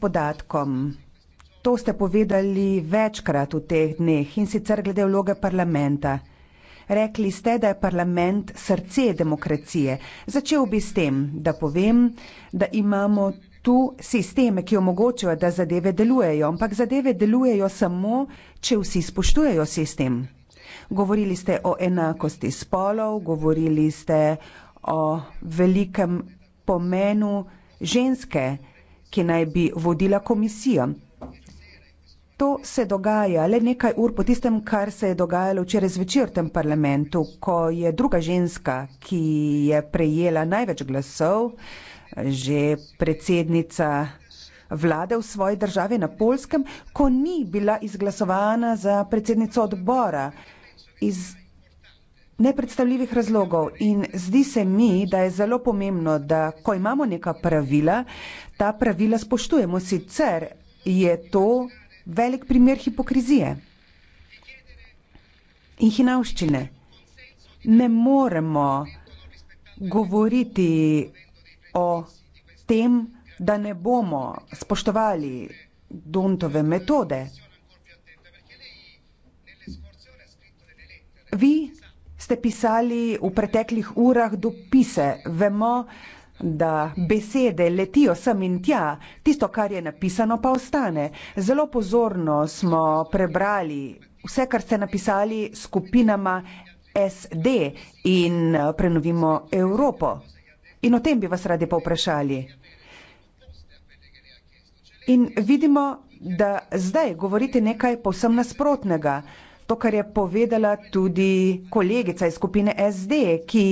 podatkom. To ste povedali večkrat v teh dneh in sicer glede vloge parlamenta. Rekli ste, da je parlament srce demokracije. Začel bi s tem, da povem, da imamo tu sisteme, ki omogočajo, da zadeve delujejo, ampak zadeve delujejo samo, če vsi spoštujejo sistem. Govorili ste o enakosti spolov, govorili ste o velikem pomenu ženske ki naj bi vodila komisijo. To se dogaja le nekaj ur po tistem, kar se je dogajalo včeraj zvečer v tem parlamentu, ko je druga ženska, ki je prejela največ glasov, že predsednica vlade v svoji državi na Polskem, ko ni bila izglasovana za predsednico odbora. Iz nepredstavljivih razlogov in zdi se mi, da je zelo pomembno, da ko imamo neka pravila, ta pravila spoštujemo, sicer je to velik primer hipokrizije in hinavščine. Ne moremo govoriti o tem, da ne bomo spoštovali Dontove metode. Vi ste pisali v preteklih urah dopise. Vemo, da besede letijo sem in tja, tisto, kar je napisano, pa ostane. Zelo pozorno smo prebrali vse, kar ste napisali skupinama SD in prenovimo Evropo. In o tem bi vas radi povprašali. In vidimo, da zdaj govorite nekaj povsem nasprotnega. To, kar je povedala tudi kolegica iz skupine SD, ki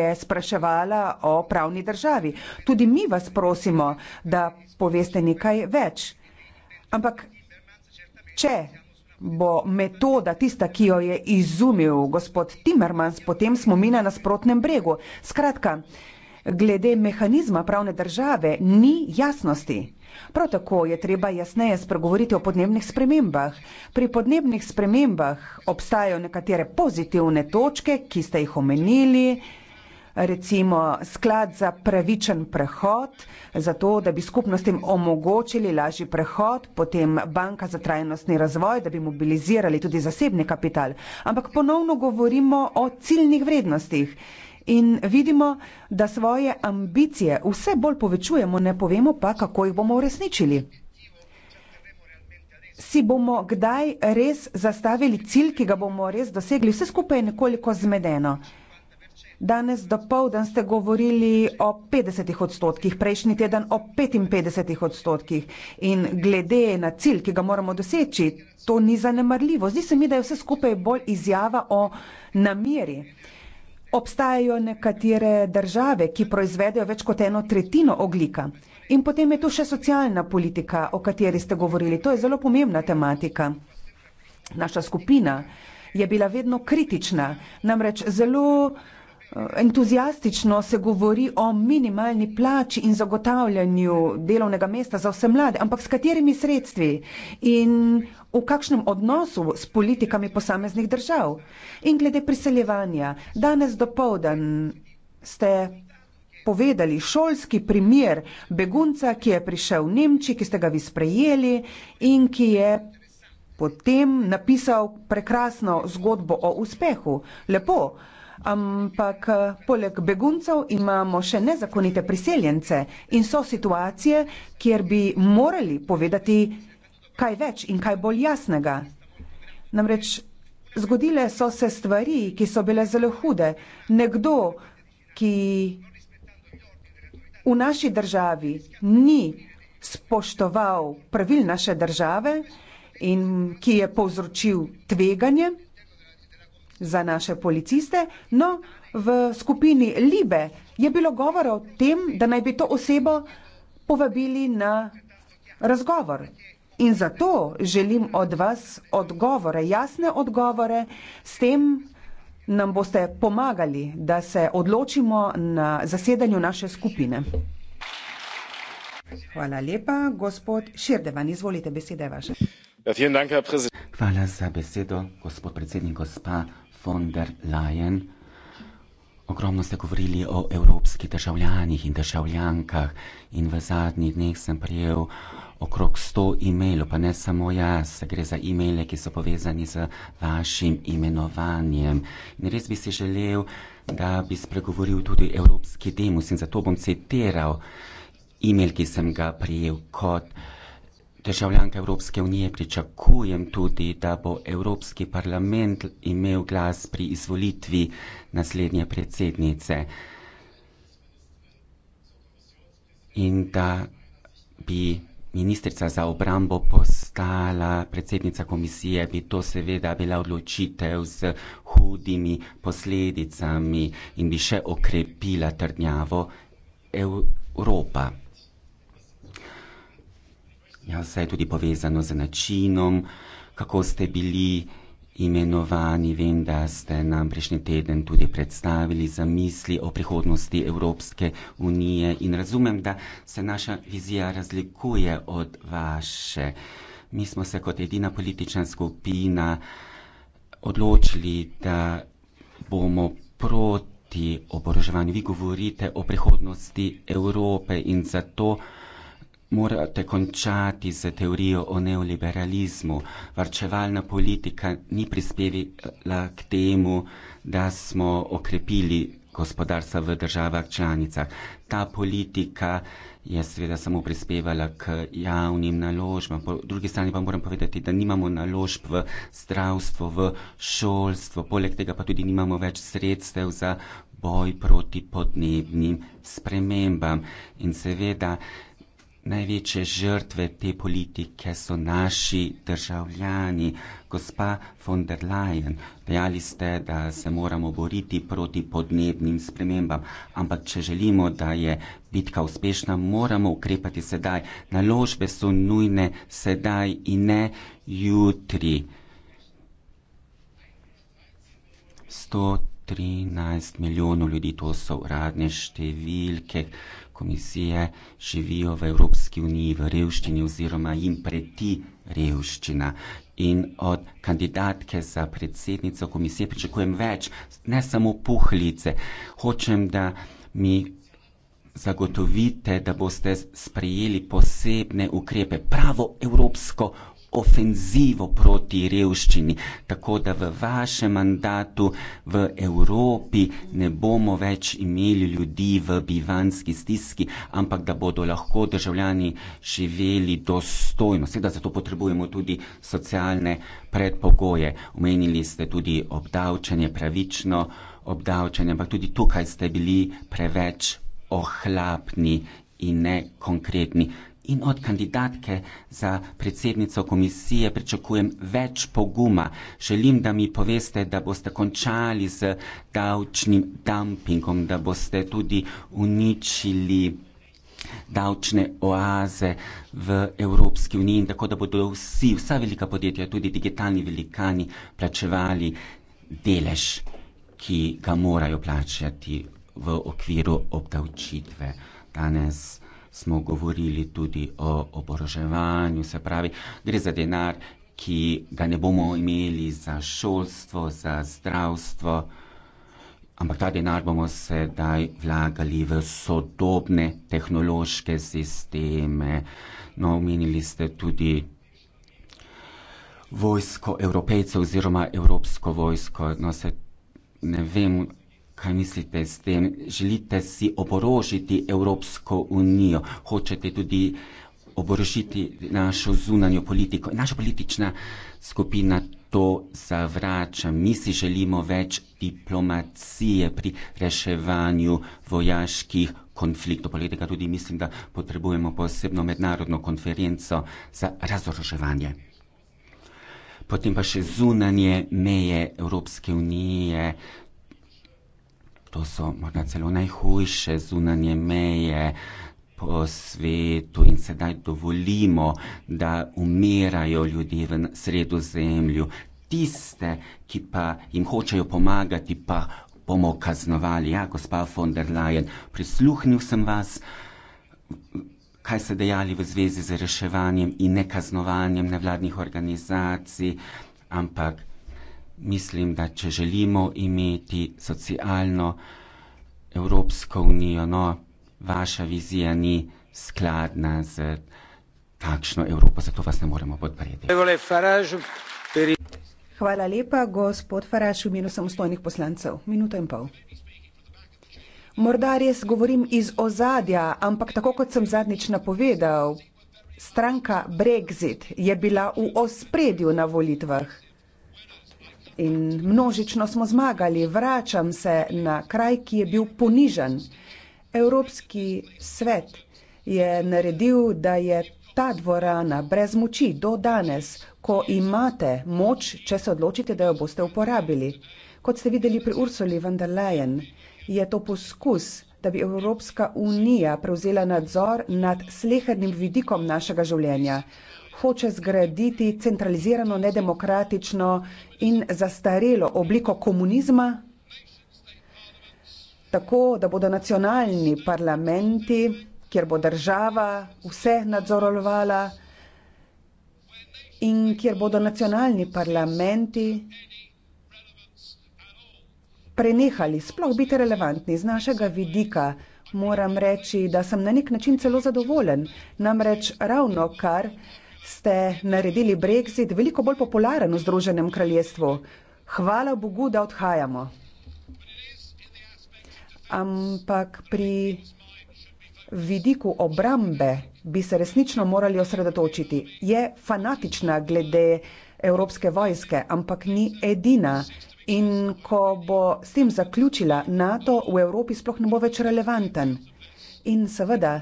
je spraševala o pravni državi. Tudi mi vas prosimo, da poveste nekaj več. Ampak, če bo metoda tista, ki jo je izumil gospod Timmermans, potem smo mi na nasprotnem bregu. Skratka, glede mehanizma pravne države ni jasnosti. Prav tako je treba jasneje spregovoriti o podnebnih spremembah. Pri podnebnih spremembah obstajajo nekatere pozitivne točke, ki ste jih omenili, recimo sklad za pravičen prehod, zato da bi skupnostim omogočili lažji prehod, potem banka za trajnostni razvoj, da bi mobilizirali tudi zasebni kapital. Ampak ponovno govorimo o ciljnih vrednostih in vidimo, da svoje ambicije vse bolj povečujemo, ne povemo pa, kako jih bomo uresničili. Si bomo kdaj res zastavili cilj, ki ga bomo res dosegli, vse skupaj je nekoliko zmedeno. Danes do pol dan ste govorili o 50 odstotkih, prejšnji teden o 55 odstotkih in glede na cilj, ki ga moramo doseči, to ni zanemarljivo. Zdi se mi, da je vse skupaj bolj izjava o nameri. Obstajajo nekatere države, ki proizvedejo več kot eno tretjino oglika. In potem je tu še socialna politika, o kateri ste govorili. To je zelo pomembna tematika. Naša skupina je bila vedno kritična, namreč zelo Eh, Entuzijastično se govori o minimalni plači in zagotavljanju delovnega mesta za vse mlade, ampak s katerimi sredstvi in v kakšnem odnosu s politikami posameznih držav. In glede priseljevanja, danes dopovdan ste povedali šolski primer begunca, ki je prišel v Nemčiji, ki ste ga vi sprejeli in ki je potem napisal prekrasno zgodbo o uspehu. Lepo ampak eh, poleg beguncev imamo še nezakonite priseljence in so situacije, kjer bi morali povedati kaj več in kaj bolj jasnega. Namreč zgodile so se stvari, ki so bile zelo hude. Nekdo, ki v naši državi ni spoštoval pravil naše države in ki je povzročil tveganje, za naše policiste. No, v skupini Libe je bilo govora o tem, da naj bi to osebo povabili na razgovor. In zato želim od vas odgovore, jasne odgovore, s tem nam boste pomagali, da se odločimo na zasedanju naše skupine. Hvala lepa, gospod Širdevan, izvolite, beseda je vaša. Ja, Hvala za besedo, gospod predsednik, gospa von der Leyen. Ogromno ste govorili o evropskih državljanih in državljankah in v zadnjih dneh sem prijel okrog 100 e-mailov, pa ne samo jaz, gre za e-maile, ki so povezani z vašim imenovanjem. In res bi si želel, da bi spregovoril tudi evropski demos in zato bom citiral e-mail, ki sem ga prijel kot državljanka Evropske unije, pričakujem tudi, da bo Evropski parlament imel glas pri izvolitvi naslednje predsednice in da bi ministrica za obrambo postala predsednica komisije, bi to seveda bila odločitev z hudimi posledicami in bi še okrepila trdnjavo Evropa. Ja, vse je tudi povezano z načinom, kako ste bili imenovani. Vem, da ste nam prejšnji teden tudi predstavili za misli o prihodnosti Evropske unije in razumem, da se naša vizija razlikuje od vaše. Mi smo se kot edina politična skupina odločili, da bomo proti oboroževanju. Vi govorite o prihodnosti Evrope in zato morate končati z teorijo o neoliberalizmu. Varčevalna politika ni prispevila k temu, da smo okrepili gospodarstva v državah članicah. Ta politika je seveda samo prispevala k javnim naložbam. Po drugi strani pa moram povedati, da nimamo naložb v zdravstvo, v šolstvo, poleg tega pa tudi nimamo več sredstev za boj proti podnebnim spremembam. In seveda Največje žrtve te politike so naši državljani. Gospa von der Leyen, dejali ste, da se moramo boriti proti podnebnim spremembam, ampak če želimo, da je bitka uspešna, moramo ukrepati sedaj. Naložbe so nujne sedaj in ne jutri. 113 milijonov ljudi, to so uradne številke komisije živijo v Evropski uniji v revščini oziroma jim preti revščina. In od kandidatke za predsednico komisije pričakujem več, ne samo puhlice. Hočem, da mi zagotovite, da boste sprejeli posebne ukrepe, pravo Evropsko ofenzivo proti revščini, tako da v vašem mandatu v Evropi ne bomo več imeli ljudi v bivanski stiski, ampak da bodo lahko državljani živeli dostojno. Seveda zato potrebujemo tudi socialne predpogoje. Omenili ste tudi obdavčanje, pravično obdavčanje, ampak tudi tukaj ste bili preveč ohlapni in nekonkretni. In od kandidatke za predsednico komisije pričakujem več poguma. Želim, da mi poveste, da boste končali z davčnim dumpingom, da boste tudi uničili davčne oaze v Evropski uniji in tako, da bodo vsi, vsa velika podjetja, tudi digitalni velikani, plačevali delež, ki ga morajo plačati v okviru obdavčitve. Danes smo govorili tudi o oboroževanju, se pravi, gre za denar, ki ga ne bomo imeli za šolstvo, za zdravstvo, ampak ta denar bomo sedaj vlagali v sodobne tehnološke sisteme. No, omenili ste tudi vojsko evropejcev oziroma evropsko vojsko, no, se ne vem, Kaj mislite s tem? Želite si oborožiti Evropsko unijo? Hočete tudi oborožiti našo zunanjo politiko? Naša politična skupina to zavrača. Mi si želimo več diplomacije pri reševanju vojaških konfliktov. Politika tudi mislim, da potrebujemo posebno mednarodno konferenco za razoroževanje. Potem pa še zunanje meje Evropske unije, so morda celo najhujše zunanje meje po svetu in sedaj dovolimo, da umirajo ljudje v sredozemlju. Tiste, ki pa jim hočejo pomagati, pa bomo kaznovali. Ja, gospa von der Leyen, prisluhnil sem vas, kaj ste dejali v zvezi z reševanjem in nekaznovanjem nevladnih organizacij, ampak mislim, da če želimo imeti socialno Evropsko unijo, no, vaša vizija ni skladna z takšno Evropo, zato vas ne moremo podpreti. Hvala lepa, gospod Faraž, v imenu samostojnih poslancev. Minuto in pol. Morda res govorim iz ozadja, ampak tako kot sem zadnjič napovedal, stranka Brexit je bila v ospredju na volitvah in množično smo zmagali. Vračam se na kraj, ki je bil ponižen. Evropski svet je naredil, da je ta dvorana brez moči do danes, ko imate moč, če se odločite, da jo boste uporabili. Kot ste videli pri Ursuli von der Leyen, je to poskus, da bi Evropska unija prevzela nadzor nad slehernim vidikom našega življenja hoče zgraditi centralizirano, nedemokratično in zastarelo obliko komunizma, tako da bodo nacionalni parlamenti, kjer bo država vse nadzorovala in kjer bodo nacionalni parlamenti prenehali sploh biti relevantni z našega vidika. Moram reči, da sem na nek način celo zadovoljen, namreč ravno kar ste naredili brexit veliko bolj popularen v Združenem kraljestvu. Hvala Bogu, da odhajamo. Ampak pri vidiku obrambe bi se resnično morali osredotočiti. Je fanatična glede evropske vojske, ampak ni edina. In ko bo s tem zaključila, NATO v Evropi sploh ne bo več relevanten. In seveda,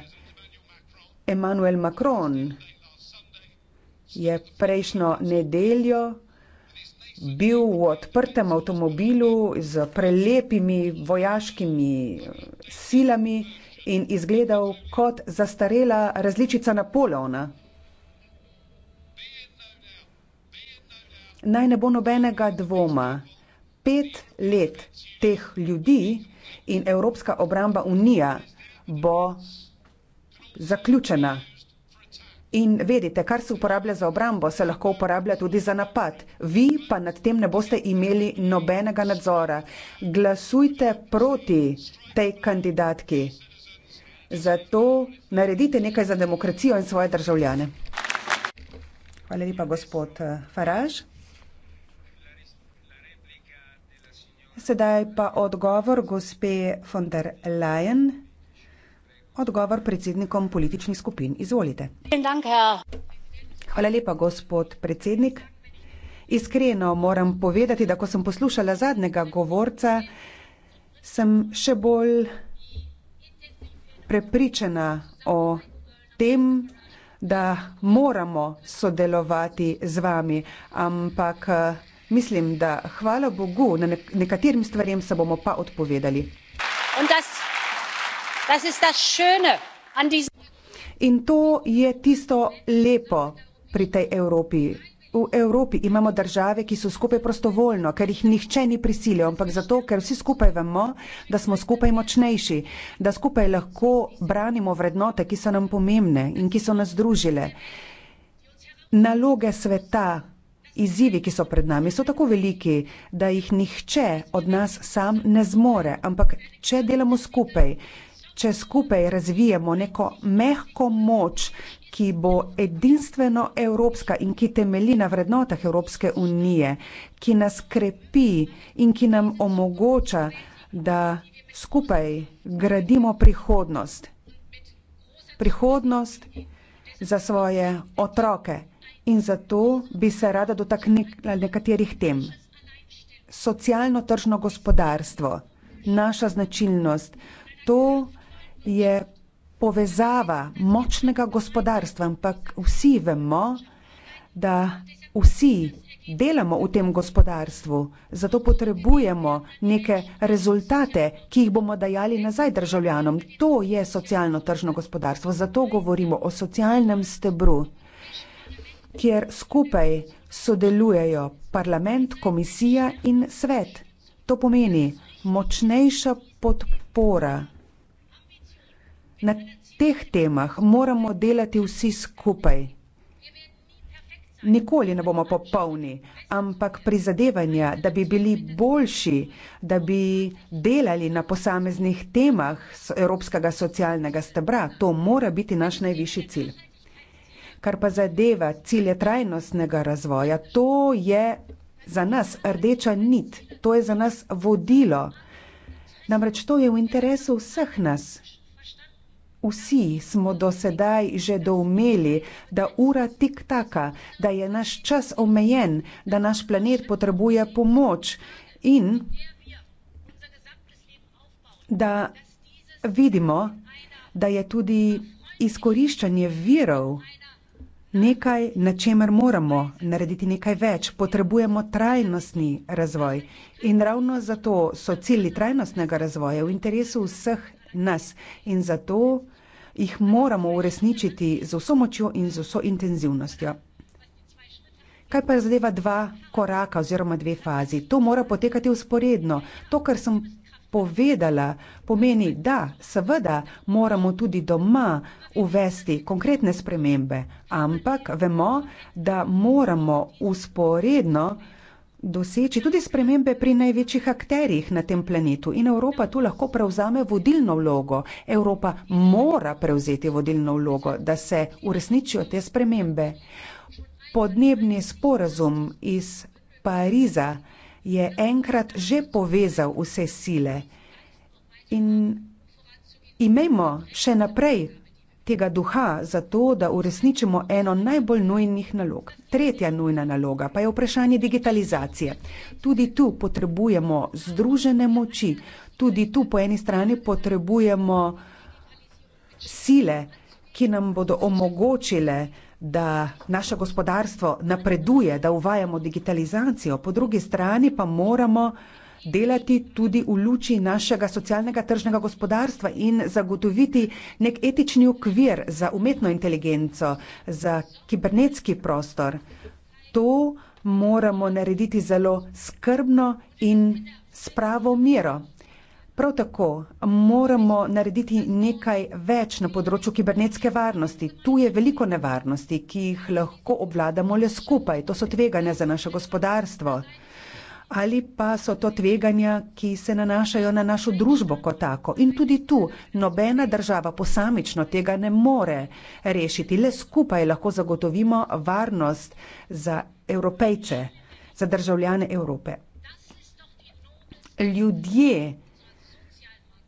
Emmanuel Macron je prejšnjo nedeljo bil v odprtem avtomobilu z prelepimi vojaškimi eh, silami in izgledal kot zastarela različica Napoleona. Naj ne bo nobenega dvoma. Pet let teh ljudi in Evropska obramba unija bo zaključena. In vedite, kar se uporablja za obrambo, se lahko uporablja tudi za napad. Vi pa nad tem ne boste imeli nobenega nadzora. Glasujte proti tej kandidatki. Zato naredite nekaj za demokracijo in svoje državljane. Hvala lepa, gospod eh, Faraž. Sedaj pa odgovor gospe von der Leyen. Odgovor predsednikom političnih skupin. Izvolite. Hvala lepa, gospod predsednik. Iskreno moram povedati, da ko sem poslušala zadnjega govorca, sem še bolj prepričana o tem, da moramo sodelovati z vami. Ampak mislim, da hvala Bogu, na nekaterim stvarem se bomo pa odpovedali. In da In to je tisto lepo pri tej Evropi. V Evropi imamo države, ki so skupaj prostovoljno, ker jih nihče ni prisilil, ampak zato, ker vsi skupaj vemo, da smo skupaj močnejši, da skupaj lahko branimo vrednote, ki so nam pomembne in ki so nas družile. Naloge sveta, izzivi, ki so pred nami, so tako veliki, da jih nihče od nas sam ne zmore, ampak če delamo skupaj, če skupaj razvijemo neko mehko moč, ki bo edinstveno evropska in ki temelji na vrednotah Evropske unije, ki nas krepi in ki nam omogoča, da skupaj gradimo prihodnost. Prihodnost za svoje otroke. In zato bi se rada dotaknila nekaterih tem. Socialno-tržno gospodarstvo, naša značilnost, to, je povezava močnega gospodarstva, ampak vsi vemo, da vsi delamo v tem gospodarstvu, zato potrebujemo neke rezultate, ki jih bomo dajali nazaj državljanom. To je socialno tržno gospodarstvo, zato govorimo o socialnem stebru, kjer skupaj sodelujejo parlament, komisija in svet. To pomeni močnejša podpora. Na teh temah moramo delati vsi skupaj. Nikoli ne bomo popolni, ampak prizadevanja, da bi bili boljši, da bi delali na posameznih temah Evropskega socialnega stebra, to mora biti naš najvišji cilj. Kar pa zadeva cilje trajnostnega razvoja, to je za nas rdeča nit, to je za nas vodilo. Namreč to je v interesu vseh nas. Vsi smo do sedaj že doumeli, da ura tik taka, da je naš čas omejen, da naš planet potrebuje pomoč in da vidimo, da je tudi izkoriščanje virov nekaj, na čemer moramo narediti nekaj več. Potrebujemo trajnostni razvoj in ravno zato so cilji trajnostnega razvoja v interesu vseh nas in zato jih moramo uresničiti z vso močjo in z vso intenzivnostjo. Kaj pa zadeva dva koraka oziroma dve fazi? To mora potekati usporedno. To, kar sem povedala, pomeni, da seveda moramo tudi doma uvesti konkretne spremembe, ampak vemo, da moramo usporedno doseči tudi spremembe pri največjih akterjih na tem planetu in Evropa tu lahko prevzame vodilno vlogo. Evropa mora prevzeti vodilno vlogo, da se uresničijo te spremembe. Podnebni sporazum iz Pariza je enkrat že povezal vse sile in imejmo še naprej tega duha, zato da uresničimo eno najbolj nujnih nalog. Tretja nujna naloga pa je vprašanje digitalizacije. Tudi tu potrebujemo združene moči, tudi tu po eni strani potrebujemo sile, ki nam bodo omogočile, da naše gospodarstvo napreduje, da uvajamo digitalizacijo, po drugi strani pa moramo delati tudi v luči našega socialnega tržnega gospodarstva in zagotoviti nek etični okvir za umetno inteligenco, za kibernetski prostor. To moramo narediti zelo skrbno in s pravo mero. Prav tako moramo narediti nekaj več na področju kibernetske varnosti. Tu je veliko nevarnosti, ki jih lahko obvladamo le skupaj. To so tveganja za naše gospodarstvo ali pa so to tveganja, ki se nanašajo na našo družbo kot tako. In tudi tu nobena država posamično tega ne more rešiti. Le skupaj lahko zagotovimo varnost za evropejce, za državljane Evrope. Ljudje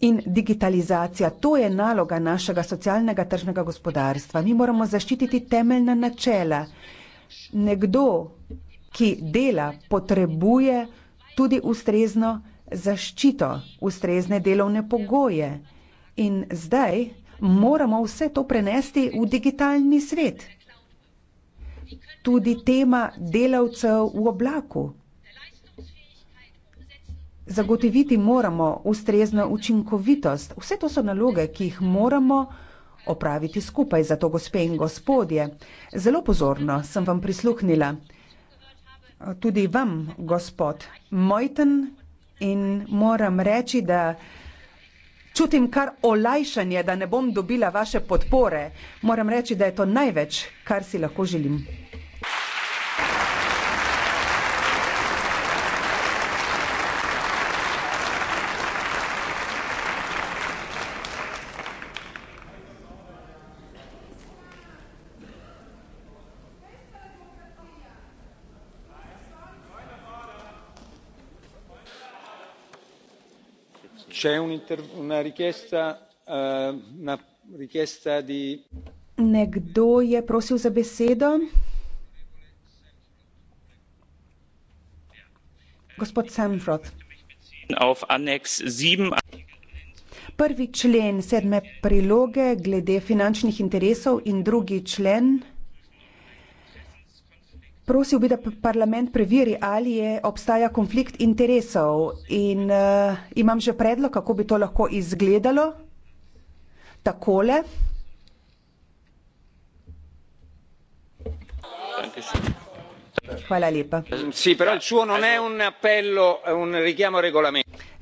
in digitalizacija, to je naloga našega socialnega tržnega gospodarstva. Mi moramo zaščititi temeljna načela. Nekdo, ki dela, potrebuje tudi ustrezno zaščito, ustrezne delovne pogoje. In zdaj moramo vse to prenesti v digitalni svet. Tudi tema delavcev v oblaku. Zagotoviti moramo ustrezno učinkovitost. Vse to so naloge, ki jih moramo opraviti skupaj. Zato, gospe in gospodje, zelo pozorno sem vam prisluhnila tudi vam, gospod Mojten, in moram reči, da čutim kar olajšanje, da ne bom dobila vaše podpore. Moram reči, da je to največ, kar si lahko želim. Eh, Nekdo je prosil za besedo. Gospod Sanford. Prvi člen sedme priloge glede finančnih interesov in drugi člen prosil bi, da parlament preveri, ali je obstaja konflikt interesov in uh, imam že predlog, kako bi to lahko izgledalo. Takole. Hvala lepa. Si,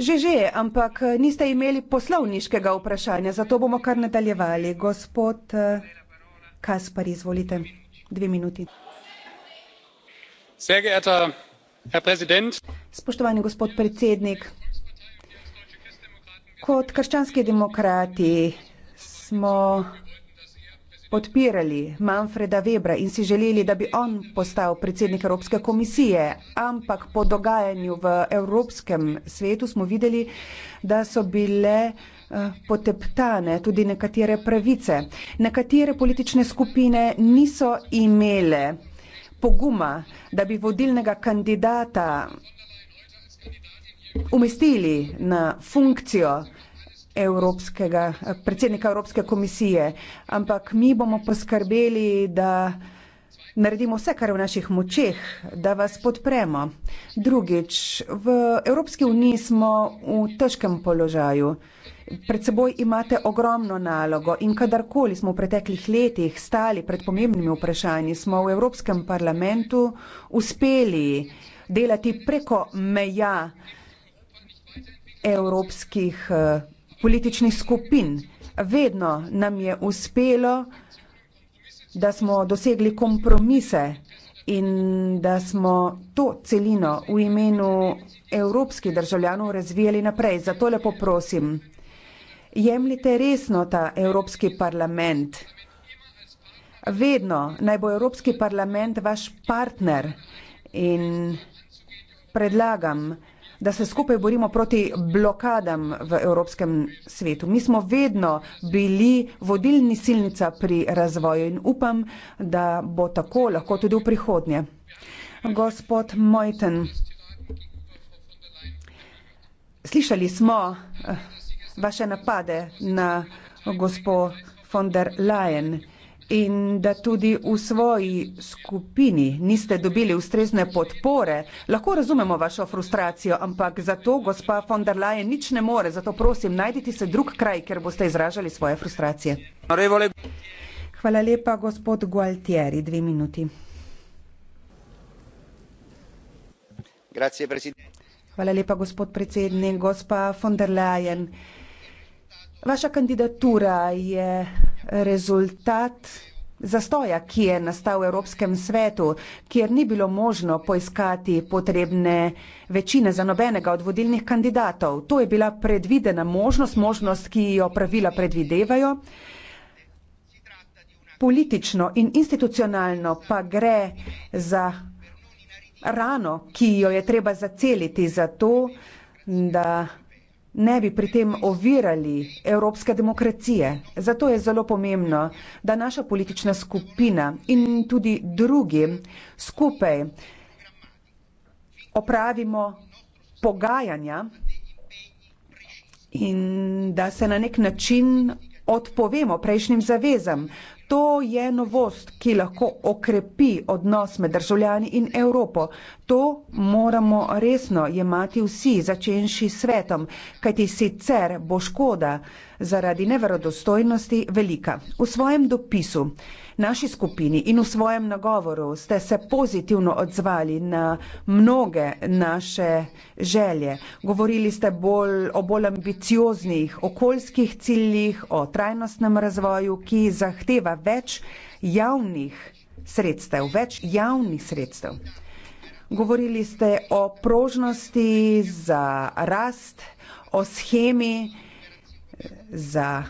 že, že, ampak eh, niste imeli poslovniškega vprašanja, zato bomo kar nadaljevali. Gospod eh, Kaspar, izvolite. Dve minuti. Spoštovani gospod predsednik, kot krščanski demokrati smo podpirali Manfreda Webra in si želeli, da bi on postal predsednik Evropske komisije, ampak po dogajanju v Evropskem svetu smo videli, da so bile eh, poteptane tudi nekatere pravice. Nekatere politične skupine niso imele poguma, da bi vodilnega kandidata umestili na funkcijo evropskega, predsednika Evropske komisije, ampak mi bomo poskrbeli, da naredimo vse, kar je v naših močeh, da vas podpremo. Drugič, v Evropski uniji smo v težkem položaju pred seboj imate ogromno nalogo in kadarkoli smo v preteklih letih stali pred pomembnimi vprašanji, smo v Evropskem parlamentu uspeli delati preko meja evropskih eh, političnih skupin. Vedno nam je uspelo, da smo dosegli kompromise in da smo to celino v imenu evropskih državljanov razvijali naprej. Zato lepo prosim, jemljite resno ta Evropski parlament. Vedno naj bo Evropski parlament vaš partner in predlagam, da se skupaj borimo proti blokadam v Evropskem svetu. Mi smo vedno bili vodilni silnica pri razvoju in upam, da bo tako lahko tudi v prihodnje. Gospod Mojten, slišali smo. Uh, vaše napade na gospo von der Leyen in da tudi v svoji skupini niste dobili ustrezne podpore. Lahko razumemo vašo frustracijo, ampak za to gospa von der Leyen nič ne more. Zato prosim, najdite se drug kraj, kjer boste izražali svoje frustracije. Hvala lepa, gospod Gualtieri. Dve minuti. Hvala lepa, gospod predsednik. Gospa von der Leyen. Vaša kandidatura je rezultat zastoja, ki je nastal v Evropskem svetu, kjer ni bilo možno poiskati potrebne večine za nobenega od vodilnih kandidatov. To je bila predvidena možnost, možnost, ki jo pravila predvidevajo. Politično in institucionalno pa gre za rano, ki jo je treba zaceliti za to, da ne bi pri tem ovirali evropske demokracije. Zato je zelo pomembno, da naša politična skupina in tudi drugi skupaj opravimo pogajanja in da se na nek način odpovemo prejšnjim zavezam. To je novost, ki lahko okrepi odnos med državljani in Evropo. To moramo resno jemati vsi, začenši svetom, kajti sicer bo škoda zaradi neverodostojnosti velika. V svojem dopisu naši skupini in v svojem nagovoru ste se pozitivno odzvali na mnoge naše želje. Govorili ste bolj, o bolj ambicioznih okoljskih ciljih, o trajnostnem razvoju, ki zahteva več javnih sredstev, več javnih sredstev. Govorili ste o prožnosti za rast, o schemi eh, za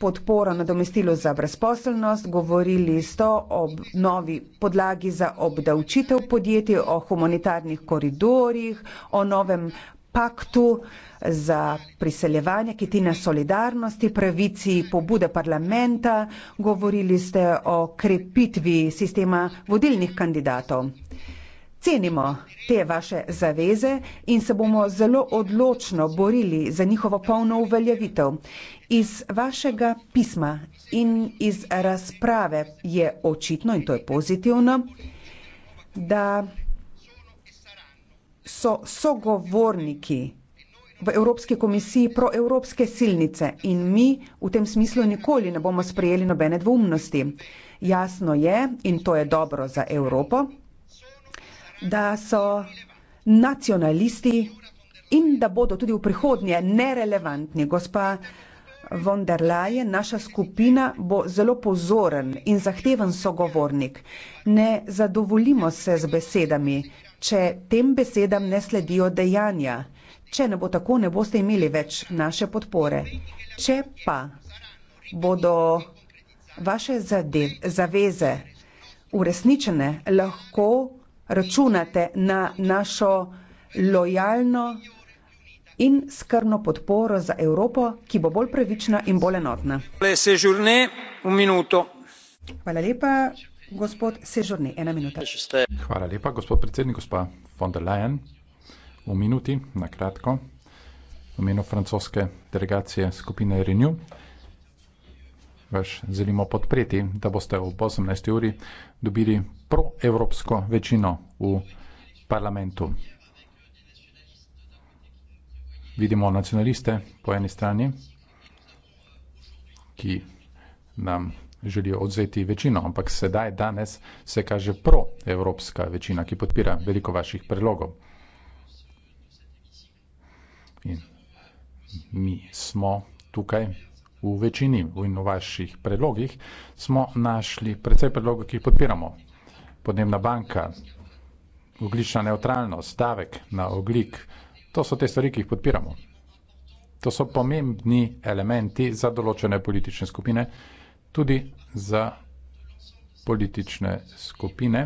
podporo na domestilo za brezposelnost, govorili ste o novi podlagi za obdavčitev podjetij, o humanitarnih koridorjih, o novem paktu za priseljevanje, kitina solidarnosti, pravici pobude parlamenta, govorili ste o krepitvi sistema vodilnih kandidatov. Cenimo te vaše zaveze in se bomo zelo odločno borili za njihovo polno uveljavitev. Iz vašega pisma in iz razprave je očitno, in to je pozitivno, da so sogovorniki v Evropski komisiji proevropske silnice in mi v tem smislu nikoli ne bomo sprejeli nobene dvomnosti. Jasno je, in to je dobro za Evropo, da so nacionalisti in da bodo tudi v prihodnje nerelevantni. Gospa von der Leyen, naša skupina bo zelo pozoren in zahteven sogovornik. Ne zadovoljimo se z besedami, če tem besedam ne sledijo dejanja. Če ne bo tako, ne boste imeli več naše podpore. Če pa bodo vaše zadev, zaveze uresničene, lahko računate na našo lojalno in skrbno podporo za Evropo, ki bo bolj pravična in bolj enotna. Hvala lepa, gospod Sežurni. Ena minuta. Hvala lepa, gospod predsednik, gospa von der Leyen. V minuti, na kratko, v imenu francoske delegacije skupine Renew. Vaš želimo podpreti, da boste ob 18. uri dobili proevropsko večino v parlamentu. Vidimo nacionaliste po eni strani, ki nam želijo odvzeti večino, ampak sedaj, danes se kaže proevropska večina, ki podpira veliko vaših predlogov. In mi smo tukaj v večini in v vaših predlogih smo našli precej predlogov, ki jih podpiramo podnebna banka, oglična neutralnost, stavek na oglik, to so te stvari, ki jih podpiramo. To so pomembni elementi za določene politične skupine, tudi za politične skupine,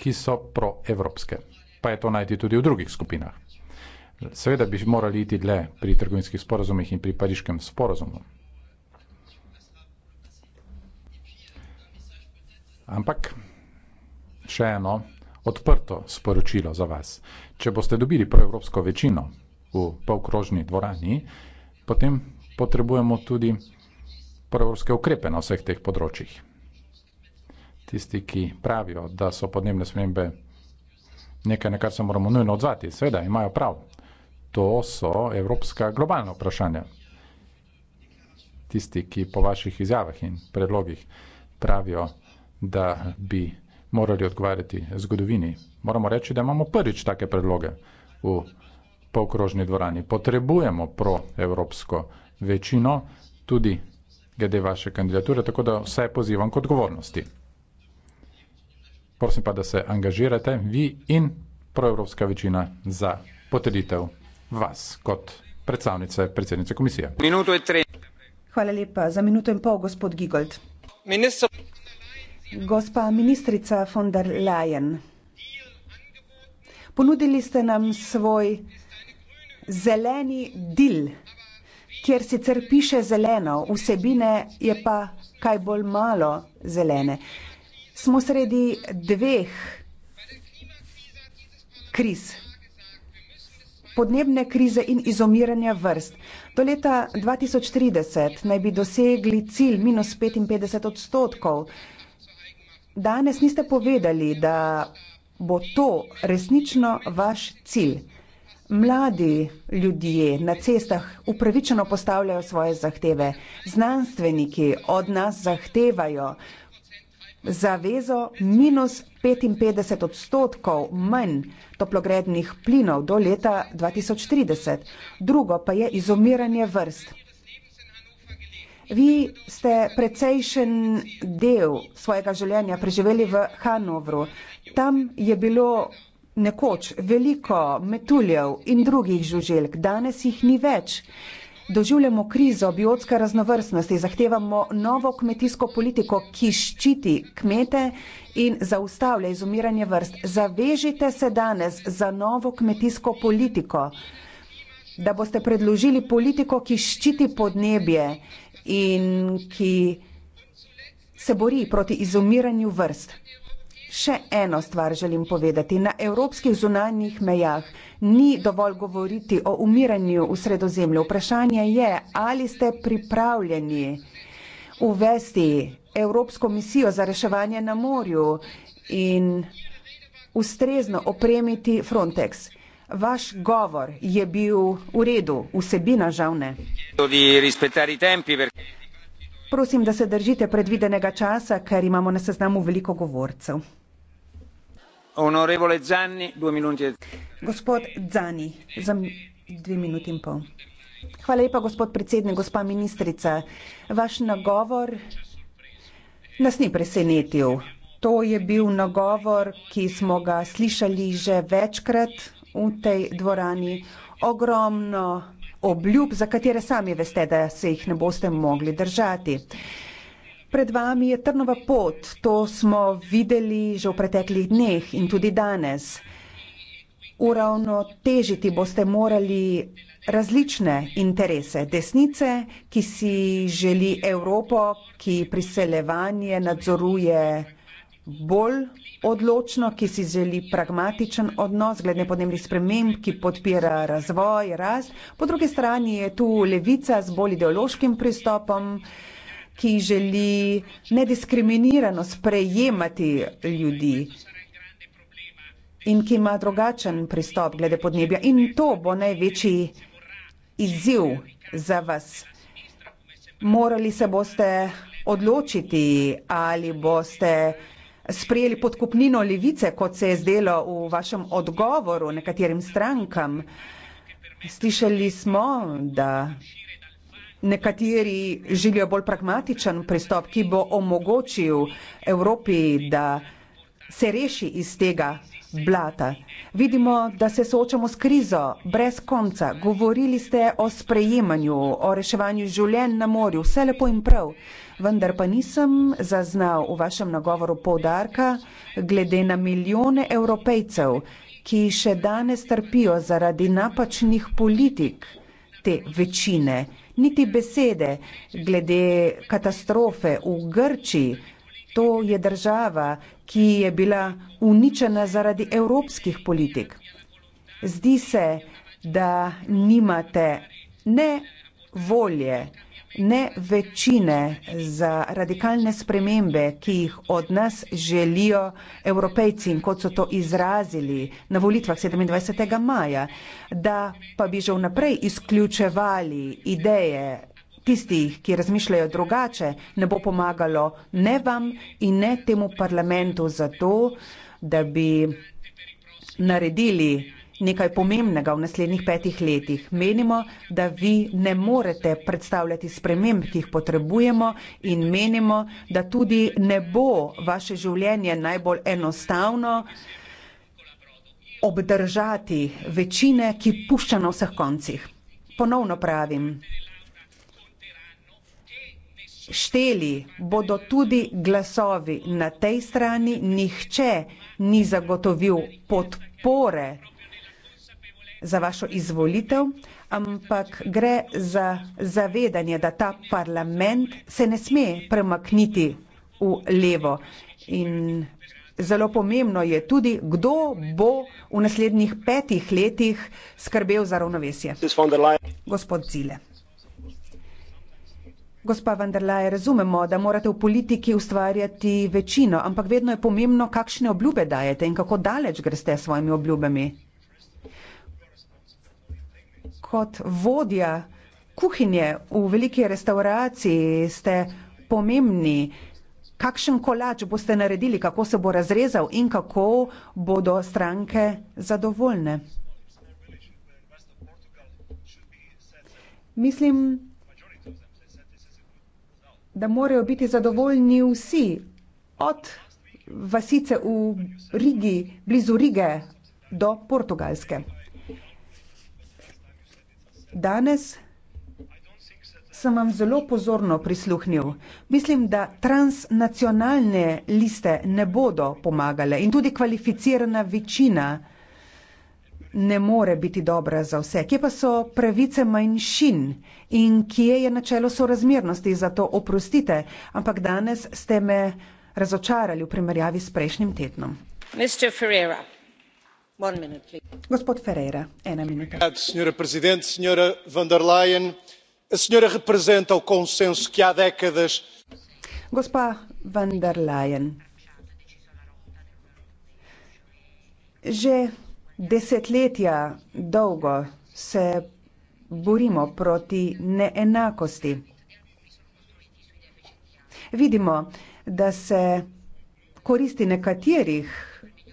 ki so proevropske. Pa je to najti tudi v drugih skupinah. Seveda bi morali iti dle pri trgovinskih sporozumih in pri pariškem sporozumu. Ampak še eno odprto sporočilo za vas. Če boste dobili proevropsko večino v polkrožni dvorani, potem potrebujemo tudi proevropske ukrepe na vseh teh področjih. Tisti, ki pravijo, da so podnebne spremembe nekaj, na kar se moramo nujno odzvati, seveda imajo prav. To so evropska globalna vprašanja. Tisti, ki po vaših izjavah in predlogih pravijo, da bi morali odgovarjati zgodovini. Moramo reči, da imamo prvič take predloge v polkrožni dvorani. Potrebujemo proevropsko večino tudi glede vaše kandidature, tako da vse pozivam k odgovornosti. Prosim pa, da se angažirate vi in proevropska večina za potreditev vas kot predstavnice predsednice komisije. Hvala lepa. Za minuto in pol, gospod Gigold. Ministr... Gospa ministrica von der Leyen, ponudili ste nam svoj zeleni dil, kjer sicer piše zeleno, vsebine je pa kaj bolj malo zelene. Smo sredi dveh kriz, podnebne krize in izumiranja vrst. Do leta 2030 naj bi dosegli cilj minus 55 odstotkov. Danes niste povedali, da bo to resnično vaš cilj. Mladi ljudje na cestah upravičeno postavljajo svoje zahteve, znanstveniki od nas zahtevajo zavezo minus 55 odstotkov manj toplogrednih plinov do leta 2030. Drugo pa je izumiranje vrst. Vi ste precejšen del svojega življenja preživeli v Hanovru. Tam je bilo nekoč veliko metuljev in drugih žuželk, danes jih ni več. Doživljamo krizo biotske raznovrstnosti, zahtevamo novo kmetijsko politiko, ki ščiti kmete in zaustavlja izumiranje vrst. Zavežite se danes za novo kmetijsko politiko, da boste predložili politiko, ki ščiti podnebje in ki se bori proti izumiranju vrst. Še eno stvar želim povedati. Na evropskih zunanjih mejah ni dovolj govoriti o umiranju v sredozemlju. Vprašanje je, ali ste pripravljeni uvesti Evropsko misijo za reševanje na morju in ustrezno opremiti Frontex vaš govor je bil v redu, vsebina žal ne. Prosim, da se držite predvidenega časa, ker imamo na seznamu veliko govorcev. Zanni, minuti... E- gospod Zani, za dve minuti in pol. Hvala lepa, gospod predsednik, gospa ministrica. Vaš nagovor nas ni presenetil. To je bil nagovor, ki smo ga slišali že večkrat v tej dvorani ogromno obljub, za katere sami veste, da se jih ne boste mogli držati. Pred vami je trnova pot, to smo videli že v preteklih dneh in tudi danes. Uravno težiti boste morali različne interese desnice, ki si želi Evropo, ki priseljevanje nadzoruje bolj odločno, ki si želi pragmatičen odnos glede podnebnih sprememb, ki podpira razvoj, rast. Po drugi strani je tu levica z bolj ideološkim pristopom, ki želi nediskriminirano sprejemati ljudi in ki ima drugačen pristop glede podnebja. In to bo največji izziv za vas. Morali se boste odločiti, ali boste sprejeli podkupnino levice, kot se je zdelo v vašem odgovoru nekaterim strankam. Slišali smo, da nekateri želijo bolj pragmatičen pristop, ki bo omogočil Evropi, da se reši iz tega blata. Vidimo, da se soočamo s krizo brez konca. Govorili ste o sprejemanju, o reševanju življenj na morju, vse lepo in prav vendar pa nisem zaznal v vašem nagovoru povdarka glede na milijone evropejcev, ki še danes trpijo zaradi napačnih politik te večine. Niti besede glede katastrofe v Grčiji. To je država, ki je bila uničena zaradi evropskih politik. Zdi se, da nimate ne volje, ne večine za radikalne spremembe, ki jih od nas želijo evropejci in kot so to izrazili na volitvah 27. maja, da pa bi že vnaprej izključevali ideje tistih, ki razmišljajo drugače, ne bo pomagalo ne vam in ne temu parlamentu za to, da bi naredili nekaj pomembnega v naslednjih petih letih. Menimo, da vi ne morete predstavljati sprememb, ki jih potrebujemo in menimo, da tudi ne bo vaše življenje najbolj enostavno obdržati večine, ki pušča na vseh koncih. Ponovno pravim, Šteli bodo tudi glasovi na tej strani, nihče ni zagotovil podpore za vašo izvolitev, ampak gre za zavedanje, da ta parlament se ne sme premakniti v levo. In zelo pomembno je tudi, kdo bo v naslednjih petih letih skrbel za ravnovesje. Gospod Zile. Gospa van der Leyen, razumemo, da morate v politiki ustvarjati večino, ampak vedno je pomembno, kakšne obljube dajete in kako daleč greste s svojimi obljubami kot vodja kuhinje v veliki restauraciji ste pomembni. Kakšen kolač boste naredili, kako se bo razrezal in kako bodo stranke zadovoljne? Mislim, da morajo biti zadovoljni vsi, od vasice v Rigi, blizu Rige do Portugalske. Danes sem vam zelo pozorno prisluhnil. Mislim, da transnacionalne liste ne bodo pomagale in tudi kvalificirana večina ne more biti dobra za vse. Kje pa so pravice manjšin in kje je načelo sorazmernosti, zato oprostite, ampak danes ste me razočarali v primerjavi s prejšnjim tednom senhora presidente senhora von der leyen a senhora representa o consenso que há décadas. gospa von der leyen že desetletja dolgo se borimo proti neenakosti vidimo da se koristi nekaterih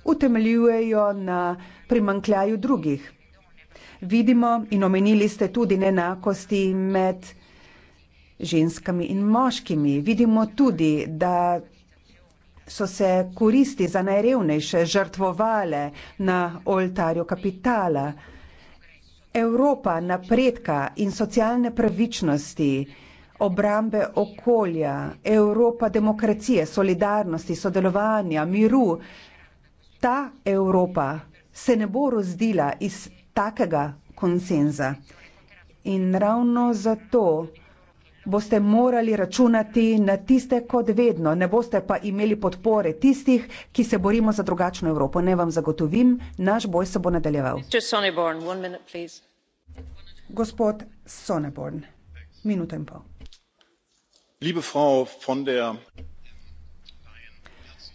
utemeljujejo na primankljaju drugih. Vidimo in omenili ste tudi neenakosti med ženskami in moškimi. Vidimo tudi, da so se koristi za najrevnejše žrtvovale na oltarju kapitala. Evropa napredka in socialne pravičnosti, obrambe okolja, Evropa demokracije, solidarnosti, sodelovanja, miru, ta Evropa se ne bo rozdila iz takega konsenza. In ravno zato boste morali računati na tiste kot vedno, ne boste pa imeli podpore tistih, ki se borimo za drugačno Evropo. Ne vam zagotovim, naš boj se bo nadaljeval. Gospod Soneborn, minuto in pol. Liebe Frau von der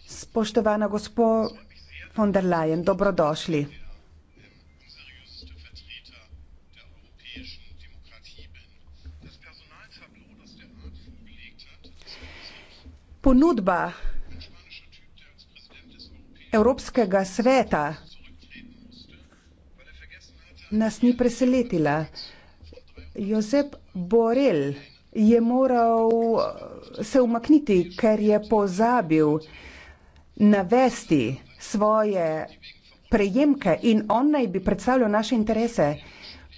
Spoštovana gospod von der Leyen, dobrodošli. Ponudba Evropskega sveta nas ni presenetila. Josep Borrell je moral eh, se umakniti, ker je pozabil navesti svoje prejemke in on naj bi predstavljal naše interese.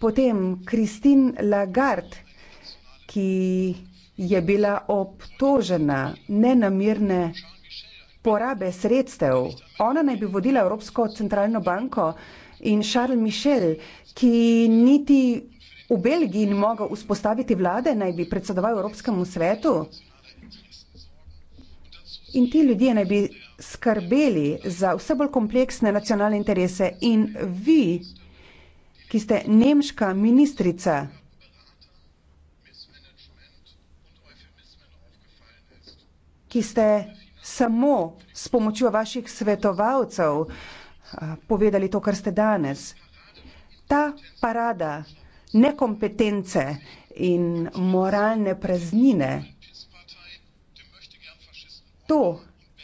Potem Kristin Lagarde, ki je bila obtožena nenamirne porabe sredstev. Ona naj bi vodila Evropsko centralno banko in Charles Michel, ki niti v Belgiji ni mogel vzpostaviti vlade, naj bi predsedoval Evropskemu svetu. In ti ljudje naj bi skrbeli za vse bolj kompleksne nacionalne interese in vi, ki ste nemška ministrica, ki ste samo s pomočjo vaših svetovalcev povedali to, kar ste danes. Ta parada nekompetence in moralne praznine, to,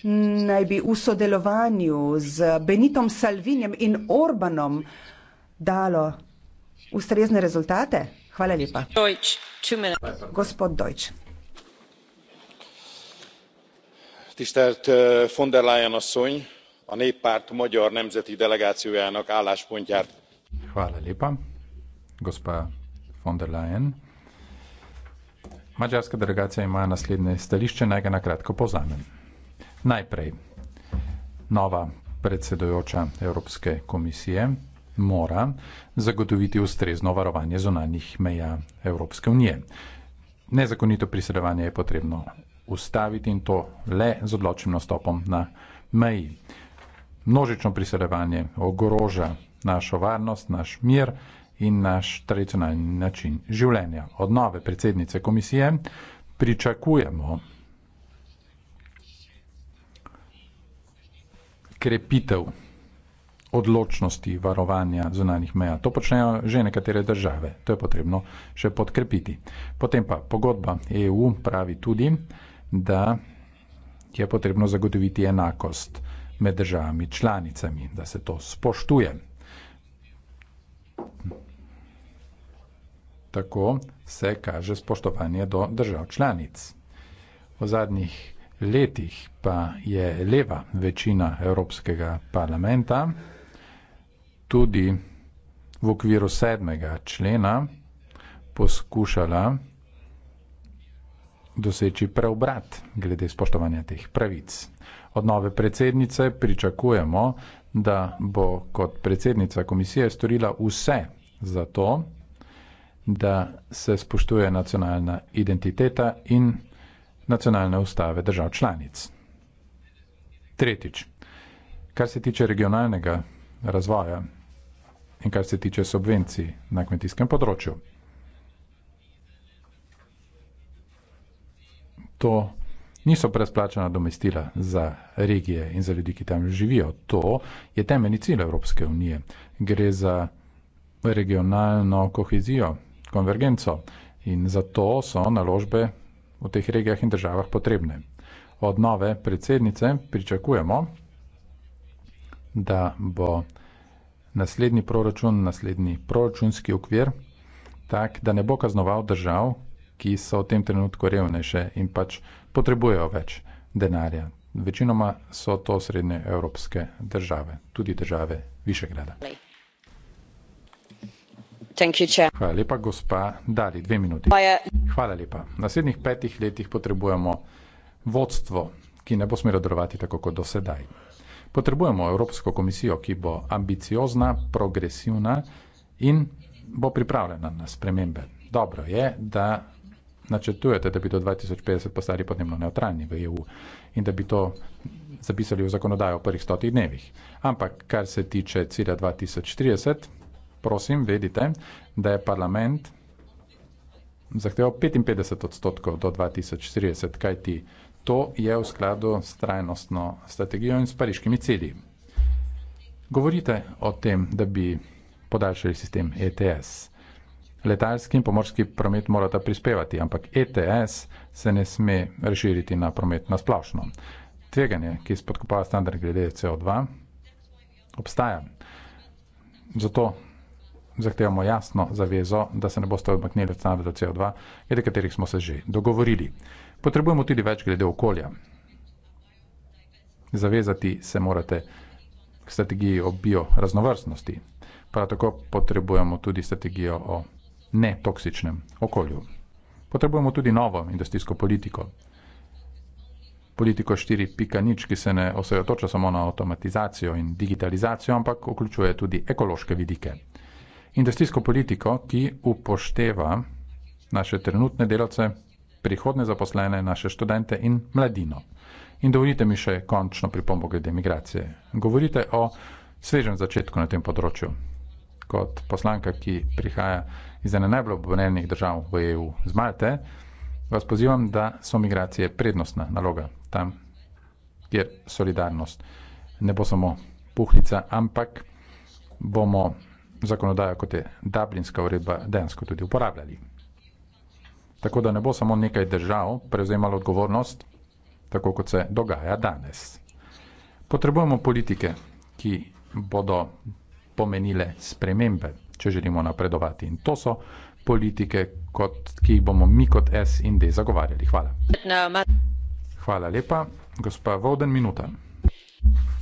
naj bi v sodelovanju z Benitom Salvinjem in Orbanom dalo ustrezne rezultate? Hvala lepa. Gospod Deutsch. Deutsch. Tisztelt uh, von der Leyen asszony, a néppárt magyar nemzeti delegációjának álláspontját. Hvala lepa, gospa von der Leyen. Madžarska delegacija ima naslednje stališče, naj ga na kratko povzamem. Najprej, nova predsedojoča Evropske komisije mora zagotoviti ustrezno varovanje zonalnih meja Evropske unije. Nezakonito priseljevanje je potrebno ustaviti in to le z odločnim nastopom na meji. Množično priseljevanje ogroža našo varnost, naš mir in naš tradicionalni način življenja. Od nove predsednice komisije pričakujemo krepitev odločnosti varovanja zunanih meja. To počnejo že nekatere države, to je potrebno še podkrepiti. Potem pa pogodba EU pravi tudi, da je potrebno zagotoviti enakost med državami članicami, da se to spoštuje. Tako se kaže spoštovanje do držav članic. V zadnjih letih pa je leva večina Evropskega parlamenta tudi v okviru sedmega člena poskušala doseči preobrat glede spoštovanja teh pravic. Od nove predsednice pričakujemo, da bo kot predsednica komisije storila vse za to, da se spoštuje nacionalna identiteta in nacionalne ustave držav članic. Tretjič, kar se tiče regionalnega razvoja in kar se tiče subvencij na kmetijskem področju. To niso brezplačena domestila za regije in za ljudi, ki tam živijo. To je temeljni cilj Evropske unije. Gre za regionalno kohezijo, konvergenco in zato so naložbe v teh regijah in državah potrebne. Od nove predsednice pričakujemo, da bo naslednji proračun, naslednji proračunski okvir tak, da ne bo kaznoval držav, ki so v tem trenutku revnejše in pač potrebujejo več denarja. Večinoma so to srednje evropske države, tudi države Višegrada. Play. Hvala lepa, gospa Dali, dve minuti. Hvala lepa. V naslednjih petih letih potrebujemo vodstvo, ki ne bo smelo delovati tako kot do sedaj. Potrebujemo Evropsko komisijo, ki bo ambiciozna, progresivna in bo pripravljena na spremembe. Dobro je, da načrtujete, da bi do 2050 postali podnebno neutralni v EU in da bi to zapisali v zakonodajo v prvih stotih dnevih. Ampak, kar se tiče cilja 2030, prosim, vedite, da je parlament zahteval 55 odstotkov do 2030, kajti to je v skladu s trajnostno strategijo in s pariškimi cilji. Govorite o tem, da bi podaljšali sistem ETS. Letalski in pomorski promet morata prispevati, ampak ETS se ne sme razširiti na promet na splošno. Tveganje, ki spodkopava standard glede CO2, obstaja. Zato zahtevamo jasno zavezo, da se ne boste odmaknili od stanovanja CO2, glede katerih smo se že dogovorili. Potrebujemo tudi več glede okolja. Zavezati se morate k strategiji o bioraznovrstnosti, prav tako potrebujemo tudi strategijo o netoksičnem okolju. Potrebujemo tudi novo industrijsko politiko. Politiko 4.0, ki se ne osredotoča samo na avtomatizacijo in digitalizacijo, ampak vključuje tudi ekološke vidike industrijsko politiko, ki upošteva naše trenutne delavce, prihodne zaposlene, naše študente in mladino. In dovolite mi še končno pripombo glede migracije. Govorite o svežem začetku na tem področju. Kot poslanka, ki prihaja iz ene najbolj obvenenih držav v EU z Malte, vas pozivam, da so migracije prednostna naloga tam, kjer solidarnost ne bo samo puhlica, ampak bomo zakonodajo, kot je Dublinska uredba, dejansko tudi uporabljali. Tako da ne bo samo nekaj držav prevzemalo odgovornost, tako kot se dogaja danes. Potrebujemo politike, ki bodo pomenile spremembe, če želimo napredovati. In to so politike, kot, ki jih bomo mi kot S in D zagovarjali. Hvala. Hvala lepa. Gospa Voden, minuta.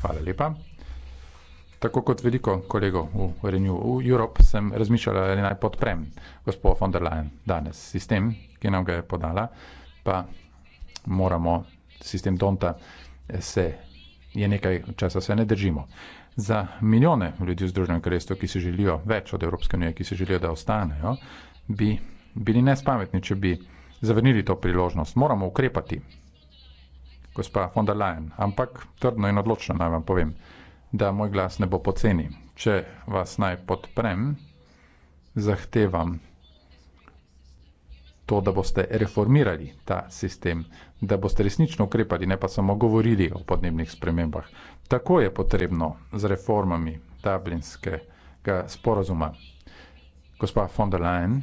Hvala lepa. Tako kot veliko kolegov v Renew v Europe sem razmišljala, ali naj podprem gospo von der Leyen danes. Sistem, ki nam ga je podala, pa moramo, sistem Donta se je nekaj časa se ne držimo. Za milijone ljudi v Združenem kraljestvu, ki si želijo več od Evropske unije, ki si želijo, da ostanejo, bi bili nespametni, če bi zavrnili to priložnost. Moramo ukrepati, gospa von der Leyen, ampak trdno in odločno naj vam povem da moj glas ne bo poceni. Če vas naj podprem, zahtevam to, da boste reformirali ta sistem, da boste resnično ukrepali, ne pa samo govorili o podnebnih spremembah. Tako je potrebno z reformami Dublinskega sporazuma. Gospa von der Leyen,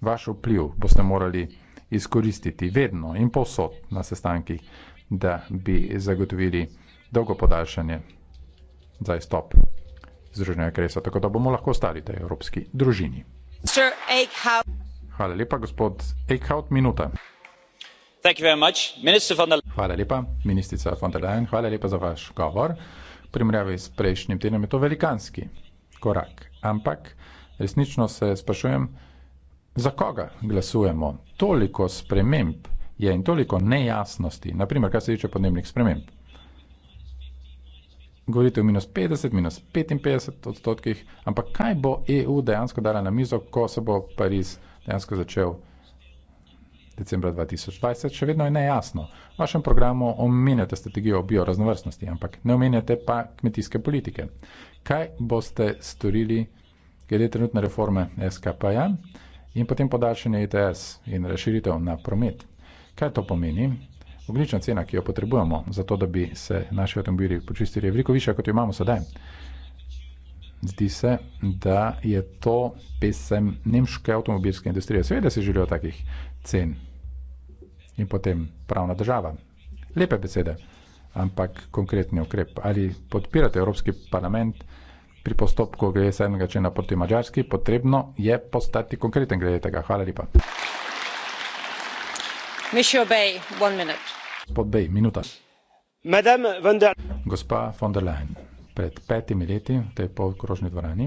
vaš vpliv boste morali izkoristiti vedno in posod na sestankih, da bi zagotovili dolgo podaljšanje za izstop Združenega kresa, tako da bomo lahko ostali tej evropski družini. Hvala lepa, gospod Eichhout, minuta. Hvala lepa, ministrica von der Leyen, hvala lepa za vaš govor. V primerjavi s prejšnjim tednom je to velikanski korak, ampak resnično se sprašujem, za koga glasujemo. Toliko sprememb je in toliko nejasnosti, naprimer, kar se tiče podnebnih sprememb govorite o minus 50, minus 55 odstotkih, ampak kaj bo EU dejansko dala na mizo, ko se bo Pariz dejansko začel decembra 2020, še vedno je nejasno. V vašem programu omenjate strategijo o bioraznovrstnosti, ampak ne omenjate pa kmetijske politike. Kaj boste storili glede trenutne reforme SKP-ja in potem podaljšanje ETS in razširitev na promet? Kaj to pomeni? ogljična cena, ki jo potrebujemo, zato da bi se naši avtomobili počistili, je veliko višja, kot jo imamo sedaj. Zdi se, da je to pesem nemške avtomobilske industrije. Seveda si želijo takih cen in potem pravna država. Lepe besede, ampak konkretni ukrep. Ali podpirate Evropski parlament pri postopku glede 7. člena proti Mačarski, potrebno je postati konkreten glede tega. Hvala lepa. Monsieur Bay, one minute gospa von der Leyen, pred petimi leti v tej polkrožni dvorani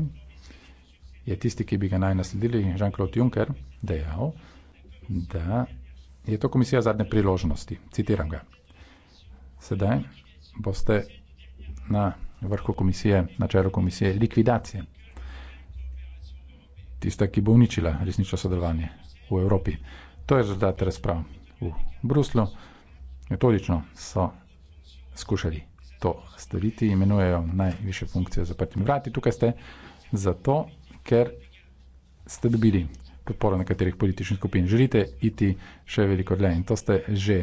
je tisti, ki bi ga naj nasledili, Jean-Claude Juncker, dejal, da je to komisija zadnje priložnosti. Citiram ga. Sedaj boste na vrhu komisije, na čelu komisije likvidacije. Tista, ki bo uničila resnično sodelovanje v Evropi. To je rezultat razprav v Bruslu metodično so skušali to storiti, imenujejo najviše funkcije zaprtimi vrati. Tukaj ste zato, ker ste dobili podporo nekaterih političnih skupin. Želite iti še veliko dlje in to ste že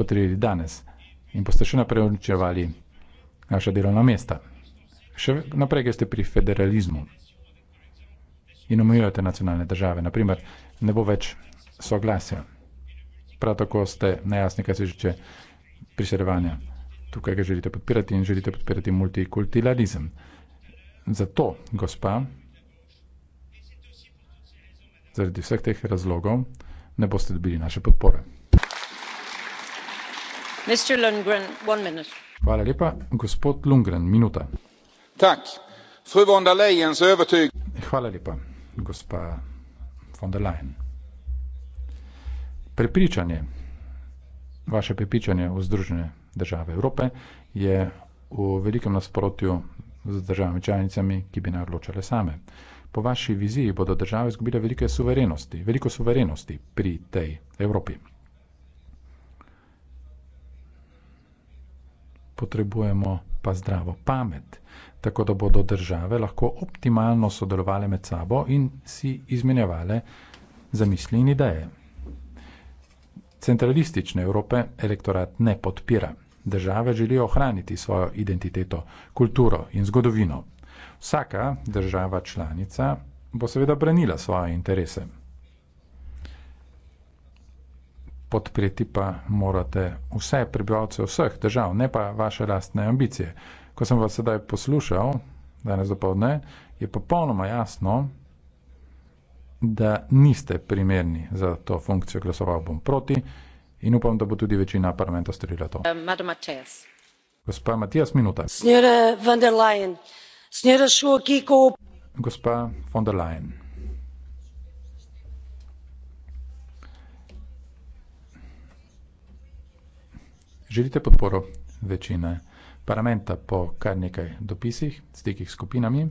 potrebili danes in boste še naprej odličevali naša delovna mesta. Še naprej, ker ste pri federalizmu in omejujete nacionalne države. Naprimer, ne bo več soglasja prav tako ste nejasni, kaj se že tiče priseljevanja. Tukaj ga želite podpirati in želite podpirati multikulturalizem. Zato, gospa, zaradi vseh teh razlogov ne boste dobili naše podpore. Hvala lepa. Gospod Lundgren, minuta. Tak. Hvala lepa, gospa von der Leyen prepričanje, vaše prepričanje o Združene države Evrope je v velikem nasprotju z državami članicami, ki bi naj odločale same. Po vaši viziji bodo države izgubile velike suverenosti, veliko suverenosti pri tej Evropi. Potrebujemo pa zdravo pamet, tako da bodo države lahko optimalno sodelovali med sabo in si izmenjevali zamisli in ideje. Centralistične Evrope elektorat ne podpira. Države želijo ohraniti svojo identiteto, kulturo in zgodovino. Vsaka država članica bo seveda branila svoje interese. Podpreti pa morate vse prebivalce vseh držav, ne pa vaše lastne ambicije. Ko sem vas sedaj poslušal, danes dopoledne, je popolnoma jasno, da niste primerni za to funkcijo, glasoval bom proti in upam, da bo tudi večina parlamenta storila to. Eh, Gospa Matijas, minuta. Gospa von der Leyen. Želite podporo večine parlamenta po kar nekaj dopisih, stikih s skupinami?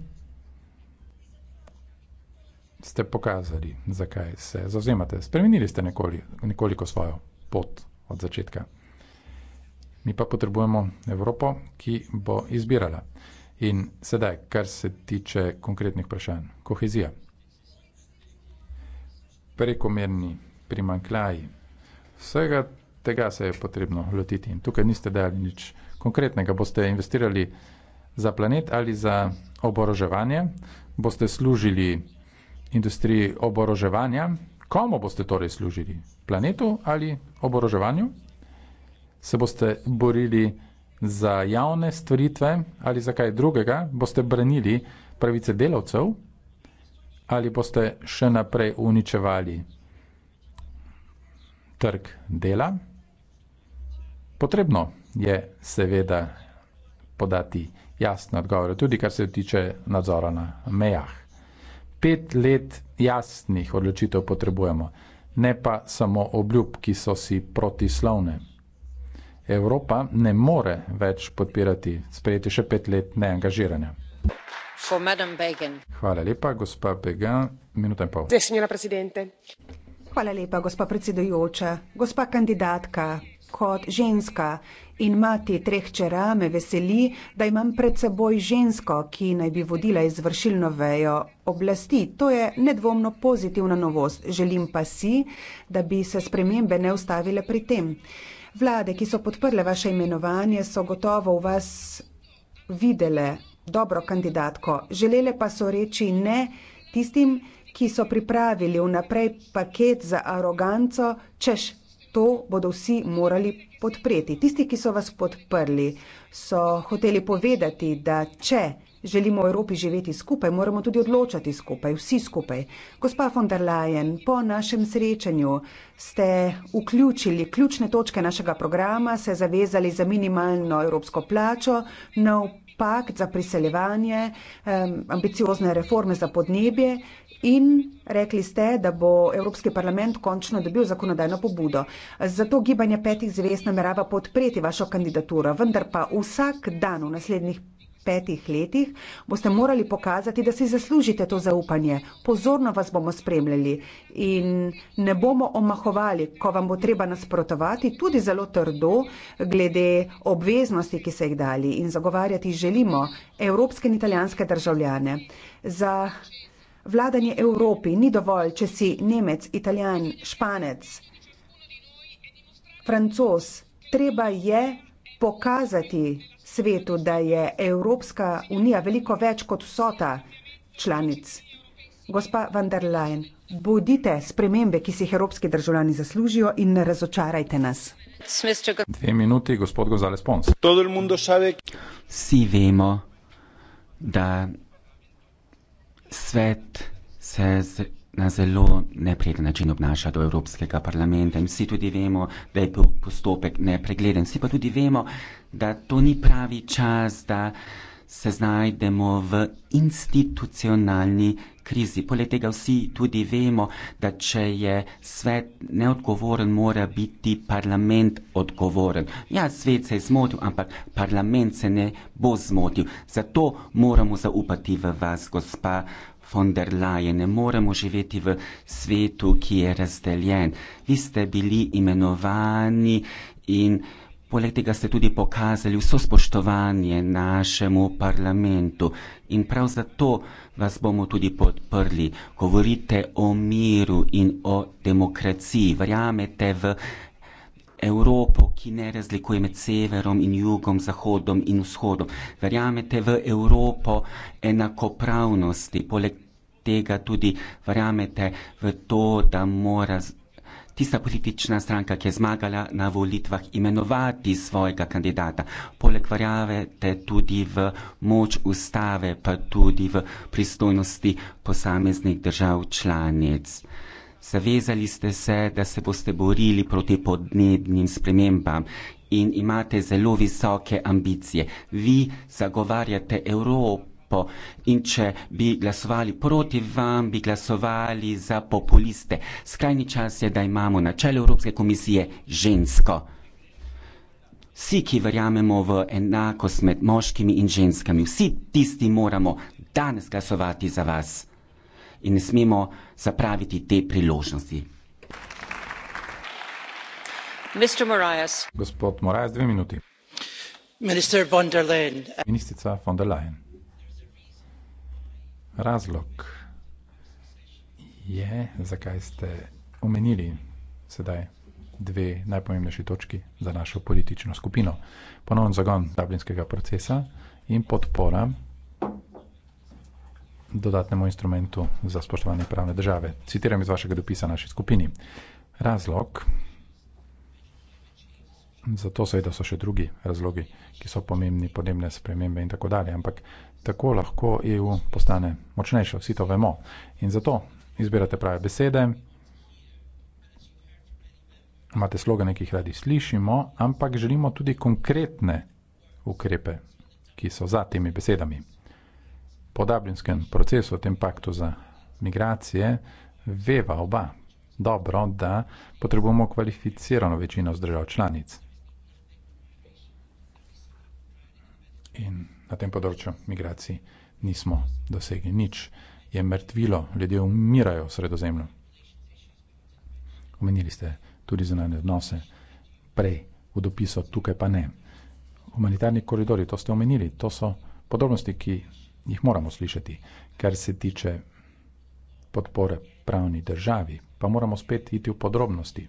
ste pokazali, zakaj se zauzemate. Spremenili ste nekoli, nekoliko svojo pot od začetka. Mi pa potrebujemo Evropo, ki bo izbirala. In sedaj, kar se tiče konkretnih vprašanj, kohezija. Prekomerni primankljaji. Vsega tega se je potrebno lotiti. In tukaj niste dali nič konkretnega. Boste investirali za planet ali za oboroževanje, boste služili industriji oboroževanja. Komu boste torej služili? Planetu ali oboroževanju? Se boste borili za javne stvaritve ali za kaj drugega? Boste branili pravice delavcev ali boste še naprej uničevali trg dela? Potrebno je seveda podati jasne odgovore, tudi kar se tiče nadzora na mejah pet let jasnih odločitev potrebujemo, ne pa samo obljub, ki so si protislovne. Evropa ne more več podpirati sprejeti še pet let neangažiranja. Hvala lepa, gospa Began, minuta in pol. Hvala lepa, gospa predsedujoča, gospa kandidatka, kot ženska in mati treh čera me veseli, da imam pred seboj žensko, ki naj bi vodila izvršilno vejo oblasti. To je nedvomno pozitivna novost. Želim pa si, da bi se spremembe ne ustavile pri tem. Vlade, ki so podprle vaše imenovanje, so gotovo v vas videle dobro kandidatko. Želele pa so reči ne tistim, ki so pripravili vnaprej paket za aroganco, češ to bodo vsi morali podpreti. Tisti, ki so vas podprli, so hoteli povedati, da če želimo v Evropi živeti skupaj, moramo tudi odločati skupaj, vsi skupaj. Gospa von der Leyen, po našem srečanju ste vključili ključne točke našega programa, se zavezali za minimalno evropsko plačo, nov pakt za priseljevanje, ambiciozne reforme za podnebje in rekli ste, da bo Evropski parlament končno dobil zakonodajno pobudo. Zato gibanje petih zvez namerava podpreti vašo kandidaturo, vendar pa vsak dan v naslednjih petih letih boste morali pokazati, da si zaslužite to zaupanje. Pozorno vas bomo spremljali in ne bomo omahovali, ko vam bo treba nasprotovati, tudi zelo trdo, glede obveznosti, ki se jih dali in zagovarjati želimo evropske in italijanske državljane. Za vladanje Evropi ni dovolj, če si Nemec, Italijan, Španec, Francos. Treba je pokazati svetu, da je Evropska unija veliko več kot vsota članic. Gospa van der Leyen, bodite spremembe, ki si jih evropski državljani zaslužijo in ne razočarajte nas. Dve minuti, gospod Gozales Pons. Vsi vemo, da svet se na zelo neprijeten način obnaša do Evropskega parlamenta in vsi tudi vemo, da je postopek nepregleden. Vsi pa tudi vemo, da to ni pravi čas, da se znajdemo v institucionalni krizi. Poleg tega vsi tudi vemo, da če je svet neodgovoren, mora biti parlament odgovoren. Ja, svet se je zmotil, ampak parlament se ne bo zmotil. Zato moramo zaupati v vas, gospa von der Leyen. Ne moremo živeti v svetu, ki je razdeljen. Vi ste bili imenovani in Poleg tega ste tudi pokazali vso spoštovanje našemu parlamentu in prav zato vas bomo tudi podprli. Govorite o miru in o demokraciji, verjamete v Evropo, ki ne razlikuje med severom in jugom, zahodom in vzhodom. Verjamete v Evropo enakopravnosti, poleg tega tudi verjamete v to, da mora tista politična stranka, ki je zmagala na volitvah, imenovati svojega kandidata. Poleg verjavete tudi v moč ustave, pa tudi v pristojnosti posameznih držav članic. Zavezali ste se, da se boste borili proti podnebnim spremembam in imate zelo visoke ambicije. Vi zagovarjate Evropo troppo. In če bi glasovali proti vam, bi glasovali za populiste. Skrajni čas je, da imamo na čelu Evropske komisije žensko. Vsi, ki verjamemo v enakost med moškimi in ženskami, vsi tisti moramo danes glasovati za vas in ne smemo zapraviti te priložnosti. Gospod Morajas, dve minuti. Ministrica von der Leyen razlog je, zakaj ste omenili sedaj dve najpomembnejši točki za našo politično skupino. Ponovno zagon dublinskega procesa in podpora dodatnemu instrumentu za spoštovanje pravne države. Citiram iz vašega dopisa naši skupini. Razlog, zato seveda so še drugi razlogi, ki so pomembni, podnebne spremembe in tako dalje, ampak tako lahko EU postane močnejša. Vsi to vemo. In zato izbirate prave besede, imate slogane, ki jih radi slišimo, ampak želimo tudi konkretne ukrepe, ki so za temi besedami. Po dublinskem procesu, tem paktu za migracije, veva oba dobro, da potrebujemo kvalificirano večino z držav članic. In na tem področju migracij nismo dosegli. Nič je mrtvilo, ljudje umirajo v sredozemlju. Omenili ste tudi zunanje odnose prej v dopisu, tukaj pa ne. Humanitarni koridori, to ste omenili, to so podrobnosti, ki jih moramo slišati, ker se tiče podpore pravni državi, pa moramo spet iti v podrobnosti.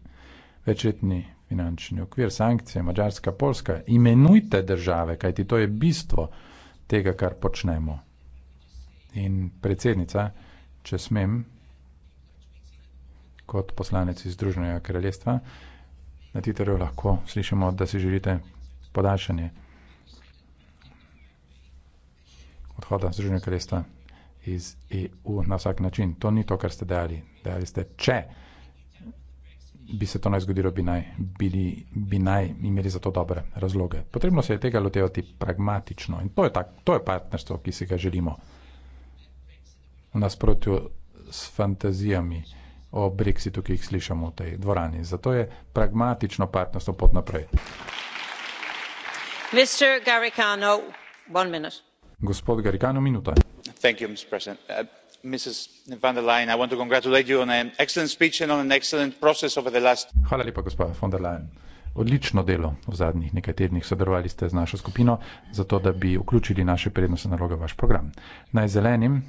Večetni finančni okvir, sankcije, Mačarska, Polska, imenujte države, kajti to je bistvo tega, kar počnemo. In predsednica, če smem, kot poslanec iz Združenega kraljestva, na Titerju lahko slišimo, da si želite podaljšanje odhoda Združenega kraljestva iz EU na vsak način. To ni to, kar ste dali. Dali ste če bi se to naj zgodilo, bi naj, bili, bi naj imeli za to dobre razloge. Potrebno se je tega lotevati pragmatično in to je, ta, to je partnerstvo, ki si ga želimo. V nasprotju s fantazijami o Brexitu, ki jih slišamo v tej dvorani. Zato je pragmatično partnerstvo pot naprej. Gospod Garikano, minuta. Thank you, Mr. President. Uh, mrs von der leyen i want to congratulate you on an excellent speech and on an excellent process over the last. hvala lepa gospa von der leyen odlično delo v zadnjih nekaj tednih sodelovali ste z našo skupino zato da bi vključili naše prednostne naloge v vaš program naj zelenim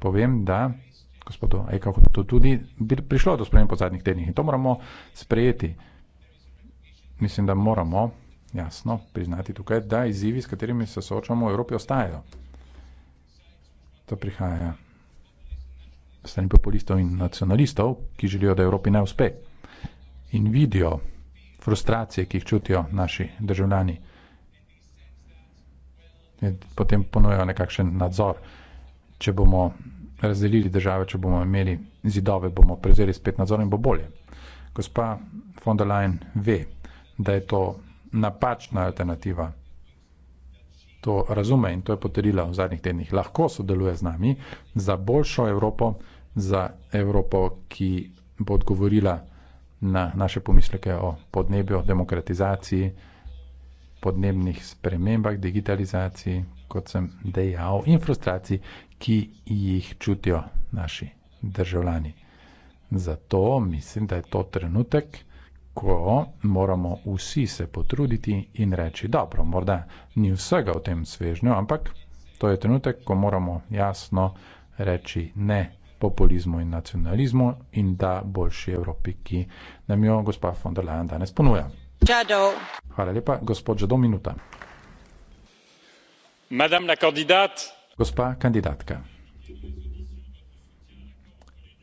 povem da gospodu Eichhoffu tudi bi prišlo do sprememb po zadnjih tednih in to moramo sprejeti mislim da moramo jasno priznati tukaj da izzivi s katerimi se soočamo v Evropi ostajajo to prihaja strani populistov in nacionalistov, ki želijo, da Evropi ne uspe. In vidijo frustracije, ki jih čutijo naši državljani. In potem ponujejo nekakšen nadzor. Če bomo razdelili države, če bomo imeli zidove, bomo prevzeli spet nadzor in bo bolje. Gospa von der Leyen ve, da je to napačna alternativa to razume in to je potrdila v zadnjih tednih, lahko sodeluje z nami za boljšo Evropo, za Evropo, ki bo odgovorila na naše pomisleke o podnebju, demokratizaciji, podnebnih spremembah, digitalizaciji, kot sem dejal, in frustraciji, ki jih čutijo naši državljani. Zato mislim, da je to trenutek, ko moramo vsi se potruditi in reči, dobro, morda ni vsega v tem svežnju, ampak to je trenutek, ko moramo jasno reči ne populizmu in nacionalizmu in da boljši Evropi, ki nam jo gospa von der Leyen danes ponuja. Jadol. Hvala lepa, gospod Žado, minuta. Madame la kandidat. Gospa kandidatka.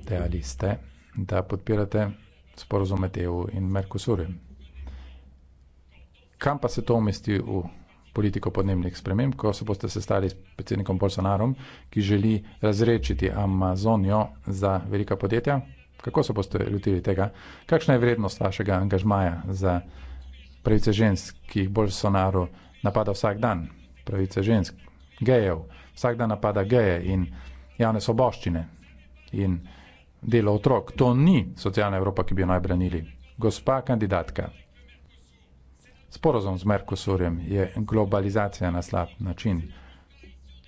Dejali ste, da podpirate sporozum med EU in Merkosurjem. Kam pa se to umesti v politiko podnebnih sprememb, ko se boste sestali s predsednikom Bolsonarom, ki želi razrečiti Amazonijo za velika podjetja? Kako se boste lotili tega? Kakšna je vrednost vašega angažmaja za pravice žensk, ki jih Bolsonaro napada vsak dan? Pravice žensk, gejev, vsak dan napada geje in javne soboščine. In delo otrok. To ni socialna Evropa, ki bi jo najbranili. Gospa kandidatka, sporozum z Merkosurjem je globalizacija na slab način.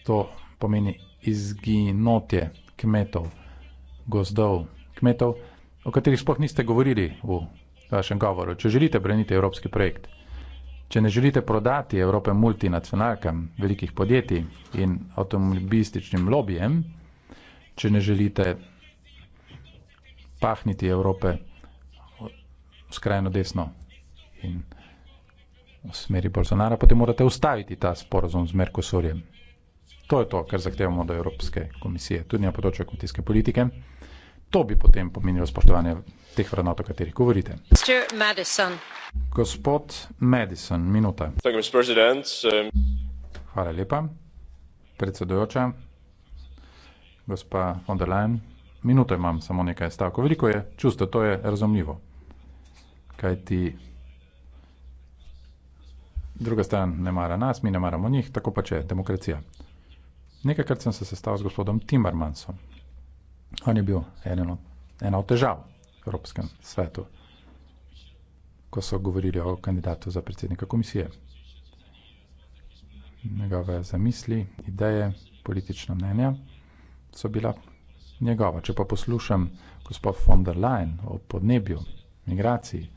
To pomeni izginotje kmetov, gozdov, kmetov, o katerih sploh niste govorili v vašem govoru. Če želite braniti evropski projekt, če ne želite prodati Evrope multinacionalkam, velikih podjetij in avtomobilističnim lobijem, če ne želite pahniti Evrope skrajno desno in v smeri Bolsonara, potem morate ustaviti ta sporozum z Merkosurjem. To je to, kar zahtevamo od Evropske komisije, tudi na področju kmetijske politike. To bi potem pomenilo spoštovanje teh vrednot, o katerih govorite. Madison. Gospod Madison, minuta. Um, Hvala lepa. Predsedujoča, gospa von der Leyen, minuto imam samo nekaj stavkov. Veliko je čustva, to je razumljivo. Kaj ti druga stran ne mara nas, mi ne maramo njih, tako pa če je demokracija. Nekaj, kar sem se sestal s gospodom Timmermansom. On je bil eno, ena od težav v Evropskem svetu, ko so govorili o kandidatu za predsednika komisije. Njegove zamisli, ideje, politična mnenja so bila njegova. Če pa poslušam gospod von der Leyen o podnebju, migraciji,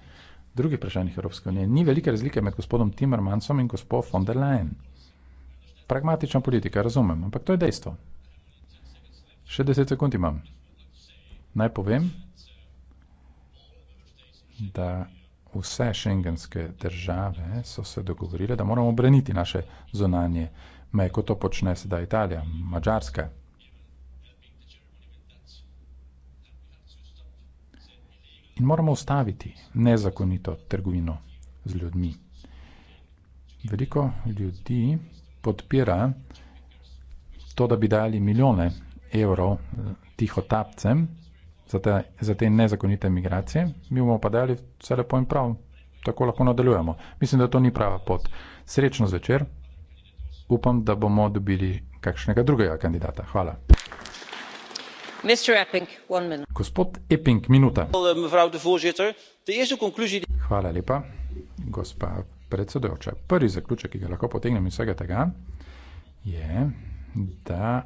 drugih vprašanjih Evropske unije, ni velike razlike med gospodom Timmermansom in gospod von der Leyen. Pragmatična politika, razumem, ampak to je dejstvo. Še deset sekund imam. Naj povem, da vse šengenske države so se dogovorile, da moramo obraniti naše zonanje meje, kot to počne sedaj Italija, Mačarska, in moramo ustaviti nezakonito trgovino z ljudmi. Veliko ljudi podpira to, da bi dali milijone evrov eh, tihotapcem za te, za te nezakonite migracije, mi bomo pa dali vse lepo in prav, tako lahko nadaljujemo. Mislim, da to ni prava pot. Srečno zvečer, upam, da bomo dobili kakšnega drugega kandidata. Hvala gospod Epping, minuta. Hvala lepa, gospa predsedujoča. Prvi zaključek, ki ga lahko potegnem iz vsega tega, je, da.